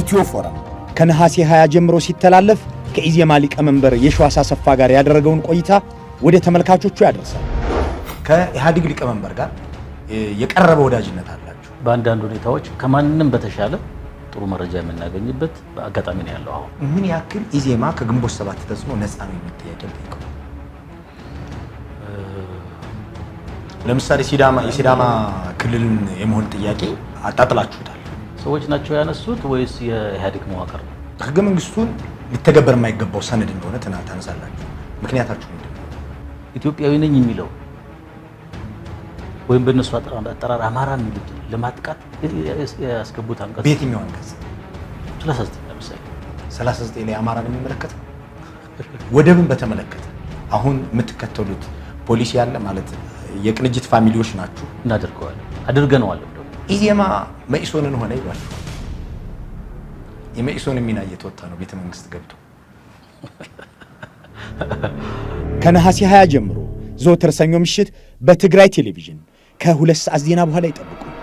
ኢትዮ ፎረም ከነሐሴ 20 ጀምሮ ሲተላለፍ ከኢዜማ ሊቀመንበር የሺዋስ አሰፋ ጋር ያደረገውን ቆይታ ወደ ተመልካቾቹ ያደርሳል። ከኢህአዴግ ሊቀመንበር ጋር የቀረበ ወዳጅነት አላችሁ በአንዳንድ ሁኔታዎች ከማንም በተሻለ ጥሩ መረጃ የምናገኝበት አጋጣሚ ነው ያለው። አሁን ምን ያክል ኢዜማ ከግንቦት ሰባት ተጽዕኖ ነፃ ነው የሚል ጥያቄ ጠይቀው። ለምሳሌ የሲዳማ ክልልን የመሆን ጥያቄ አጣጥላችሁታል። ሰዎች ናቸው ያነሱት ወይስ የኢህአዴግ መዋቅር ነው? ህገ መንግስቱን ሊተገበር የማይገባው ሰነድ እንደሆነ ትናንት ታነሳላችሁ። ምክንያታችሁ ምንድን ነው? ኢትዮጵያዊ ነኝ የሚለው ወይም በእነሱ አጠራር አማራ የሚሉት ለማጥቃት ያስገቡት አንቀጽ በየትኛው አንቀጽ? 39 ለምሳሌ 39 ላይ አማራን የሚመለከት ወደብን በተመለከተ አሁን የምትከተሉት ፖሊሲ ያለ ማለት የቅንጅት ፋሚሊዎች ናችሁ። እናደርገዋለን አድርገነዋለን ኢዜማ መኢሶንን ሆነ ይሏል። የመኢሶን ሚና እየተወጣ ነው። ቤተ መንግስት ገብቶ ከነሐሴ 20 ጀምሮ ዘወትር ሰኞ ምሽት በትግራይ ቴሌቪዥን ከሁለት ሰዓት ዜና በኋላ ይጠብቁ።